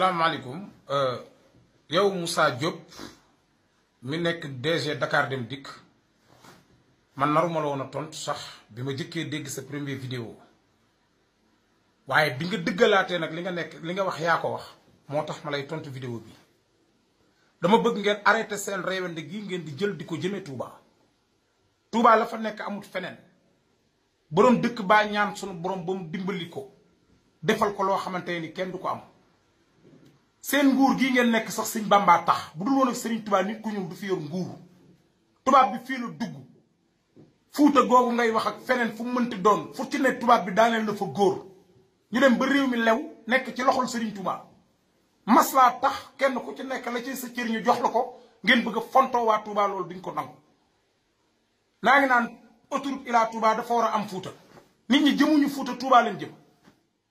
salaamaaleykum euh, yow Moussa Diop mu nekk DG Dakar Dem Dikk man naruma la woon a tontu sax bi ma jëkkee dégg sa premier vidéo waaye bi nga dëggalaatee nag li nga nekk li nga wax yaa ko wax moo tax ma lay tontu vidéo bi dama bëgg ngeen arrêté seen réewande gii ngeen di jël di ko jëmee Touba. Touba la fa nekk amut feneen boroom dëkk baa ñaan sunu borom ba mu dimbali ko defal ko loo xamante ni kenn du ko am. seen nguur gii ngeen nekk sax sëñ Bamba tax bu dul woon ak Serigne Touba nit ku ñëw du fi yor nguur tubaab bi fii la dugg fuuta googu ngay wax ak feneen fu mu doon fu ci ne tubaab bi daaneel na fa góor ñu dem ba réew mi lew nekk ci loxol sëriñ Touba. maslaa tax kenn ku ci nekk la ci sa cër ñu jox la ko ngeen bëgg a fontoo waa Touba loolu duñ ko nangu naa ngi naan autoroute Ila Touba dafa war a am fuuta nit ñi jëmuñu fuuta Touba leen jëm.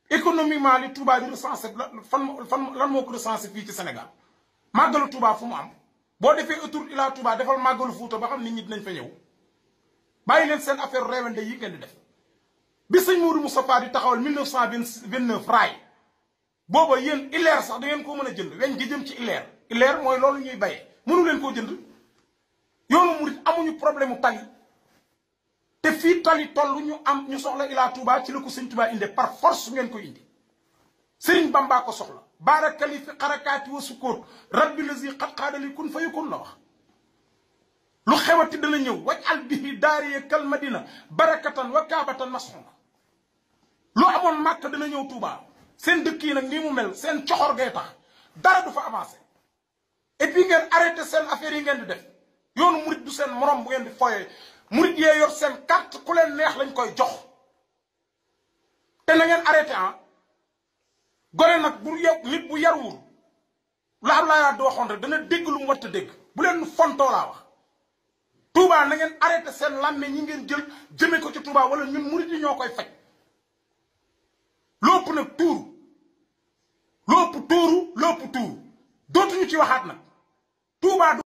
économiquement li Touba di recensé fan fan lan moo ko recensé fii ci Sénégal màggalu Touba fu mu am boo defee autour ila Touba defal màggalu Fuuta ba xam nit ñi dinañ fa ñëw bàyyi leen seen affaire réewande yi ngeen di def bi sëñ Mourou Moustapha di taxawal vingt 1929 raay booba yéen ileer sax da ngeen koo mën a jënd weñ gi jëm ci ileer ileer mooy loolu ñuy bayee mënu leen koo jënd yoonu murit amuñu problème mu tali te fii tali toll ñu am ñu soxla Ila Touba ci la ko sëñ Touba inde par force ngeen ko indi sëriñ Bamba ko soxla baarakali fi xarakaati wa sukkoot rabbi lazi xat xaadali kun fayakun la wax lu xewati dana ñëw waj al bihi daariye kal madina barakatan wa kaabatan masxuna lu amoon màkk dana ñëw Touba seen dëkk yi nag nii mu mel seen coxor gay tax dara du fa avancé et puis ngeen arrêté seen affaire yi ngeen di def yoonu murit du seen morom bu ngeen di foyee murit yee yor seen carte ku leen neex koy jox te na ngeen arrêté ah gore nag bu yow nit bu yaruwul lu am laa di waxoon rek dana dégg lu mu war a dégg bu leen fontoo laa wax Touba na ngeen arrêté seen làmme ñi ngeen jël jëme ko ci Touba wala ñun murit yi ñoo koy faj lopp nag tuuru lopp tuuru lopp tuuru dootuñu ci waxaat nag Touba